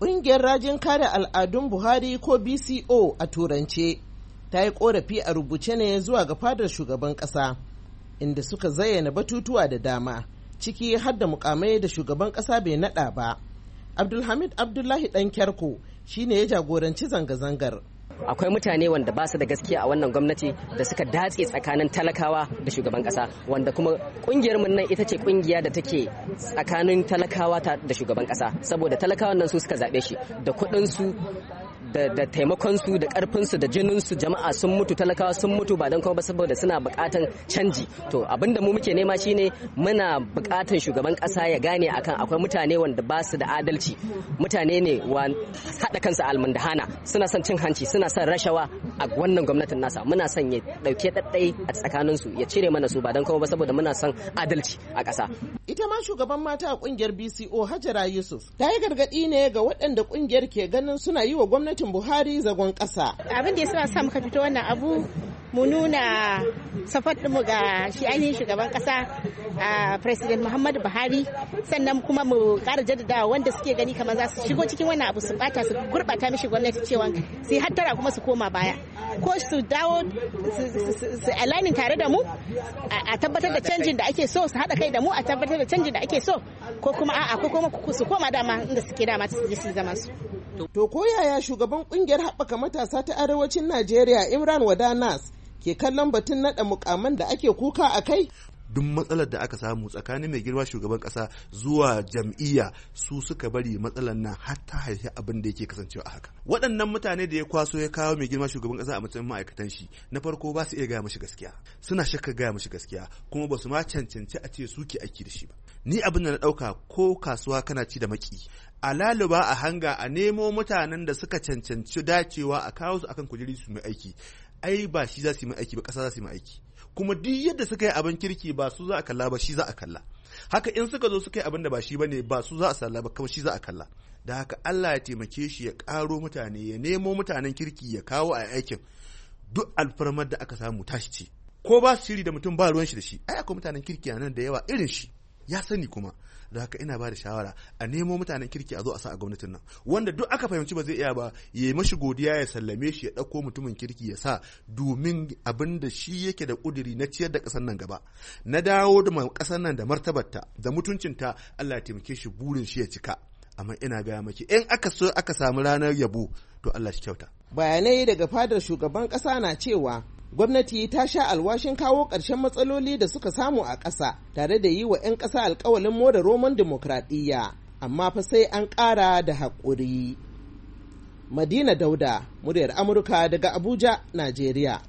Ƙungiyar rajin kare al'adun Buhari ko BCO a turance ta yi ƙorafi a rubuce ne zuwa ga fadar shugaban ƙasa inda suka zayyana batutuwa da dama ciki har da mukamai da shugaban ƙasa bai naɗa ba. Abdulhamid Abdullahi ɗan kyarko shine ya jagoranci zanga-zangar. akwai mutane wanda ba su da gaskiya a wannan gwamnati da suka datse tsakanin talakawa da shugaban kasa wanda kuma kungiyar mun nan ita ce kungiya da take tsakanin talakawa da shugaban kasa saboda talakawan nan su suka zabe shi da kuɗin su da taimakonsu da karfinsu da jininsu jama'a sun mutu talakawa sun mutu ba don kawai ba saboda suna bukatan canji to abinda mu muke nema shine muna bukatan shugaban kasa ya gane akan akwai mutane wanda ba su da adalci mutane ne wa hada kansu almundahana suna son cin hanci suna son rashawa a wannan gwamnatin nasa muna son ya dauke daddai a tsakaninsu ya cire mana su ba don kawai ba saboda muna son adalci a kasa ita ma shugaban mata a kungiyar BCO Hajara Yusuf ta yi gargadi ne ga waɗanda kungiyar ke ganin suna yi wa gwamnati gwamnatin Buhari zagon ƙasa. Abin da ya sa muka fito wannan abu mu nuna mu ga shi ainihin shugaban kasa a president muhammadu buhari sannan kuma mu kara jaddada wanda suke gani kamar za su shigo cikin wannan abu su bata su gurbata mishi gwamnati cewa su yi hattara kuma su koma baya ko su dawo su alamin tare da mu a tabbatar da canjin da ake so su haɗa kai da mu a tabbatar da canjin da ake so ko kuma a'a ko kuma su koma dama inda suke dama su je su zama su To ko yaya shugaban kungiyar haɓaka matasa ta arewacin Najeriya Imran Wadanas ke kallon batun naɗa mukaman da ake kuka a kai? duk matsalar da aka samu tsakanin mai girma shugaban kasa zuwa jam'iyya su suka bari matsalar nan har ta haifi abin da yake kasancewa a haka waɗannan mutane da ya kwaso ya kawo mai girma shugaban kasa a matsayin ma'aikatan shi na farko ba su iya gaya mashi gaskiya suna shakka gaya mashi gaskiya kuma ba su ma cancanci a ce su ke aiki da shi ba ni abin da na ɗauka ko kasuwa kana ci da maki a laluba a hanga a nemo mutanen da suka cancanci dacewa a kawo su akan kujeru su mai aiki ai ba shi za su yi aiki ba ƙasa za su yi aiki kuma duk yadda suka yi abin kirki ba su za a kalla ba shi za a kalla haka in suka zo suka yi abin da ba shi bane ba su za a salla ba kuma shi za a kalla da haka Allah ya taimake shi ya karo mutane ya nemo mutanen kirki ya kawo a aikin duk alfarmar da aka samu tashi ce ko ba su shiri da mutum ba ruwan shi da shi ai akwai mutanen kirki a nan da yawa irin shi ya sani kuma da haka ina ba da shawara a nemo mutanen kirki a zo a sa a gwamnatin nan wanda duk aka fahimci ba zai iya ba ya yi mashi godiya ya sallame shi ya ɗauko mutumin kirki ya sa domin abin da shi yake da ƙuduri na ciyar da ƙasar nan gaba na dawo da ƙasar nan da martabarta da mutuncinta Allah ya taimake shi burin shi ya cika amma ina gaya maki in aka so aka samu ranar yabo to Allah shi kyauta bayanai daga fadar shugaban ƙasa na cewa gwamnati ta sha alwashin kawo ƙarshen matsaloli da suka samu a ƙasa tare da yi wa 'yan ƙasa alkawalin more roman demokradiyya amma fa sai an ƙara da haƙuri madina dauda muryar amurka daga abuja najeriya